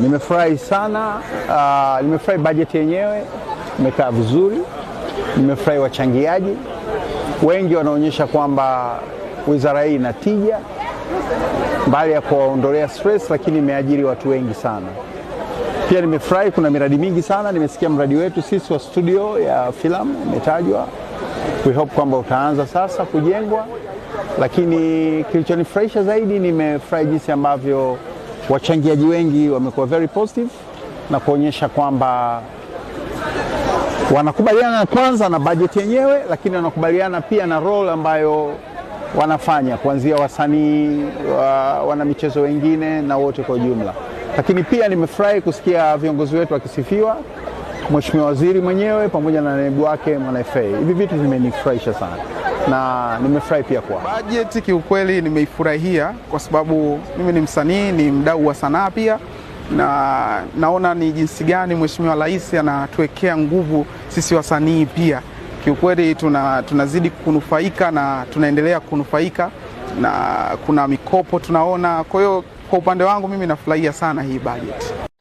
Nimefurahi sana uh, nimefurahi bajeti yenyewe imekaa vizuri, nimefurahi wachangiaji wengi wanaonyesha kwamba wizara hii ina tija, mbali ya kuwaondolea stress, lakini imeajiri watu wengi sana. Pia nimefurahi kuna miradi mingi sana, nimesikia mradi wetu sisi wa studio ya filamu umetajwa, we hope kwamba utaanza sasa kujengwa, lakini kilichonifurahisha zaidi, nimefurahi jinsi ambavyo wachangiaji wengi wamekuwa very positive na kuonyesha kwamba wanakubaliana kwanza na bajeti yenyewe, lakini wanakubaliana pia na role ambayo wanafanya kuanzia wasanii wa, wana michezo wengine na wote kwa ujumla. Lakini pia nimefurahi kusikia viongozi wetu wakisifiwa, Mheshimiwa Waziri mwenyewe pamoja na naibu wake Mwana FA. Hivi vitu vimenifurahisha sana na nimefurahi pia kwa bajeti. Kiukweli nimeifurahia kwa sababu mimi ni msanii, ni mdau wa sanaa pia na naona ni jinsi gani Mheshimiwa Rais anatuwekea nguvu sisi wasanii pia. Kiukweli tuna, tunazidi kunufaika na tunaendelea kunufaika na kuna mikopo tunaona. Kwa hiyo kwa upande wangu mimi nafurahia sana hii bajeti.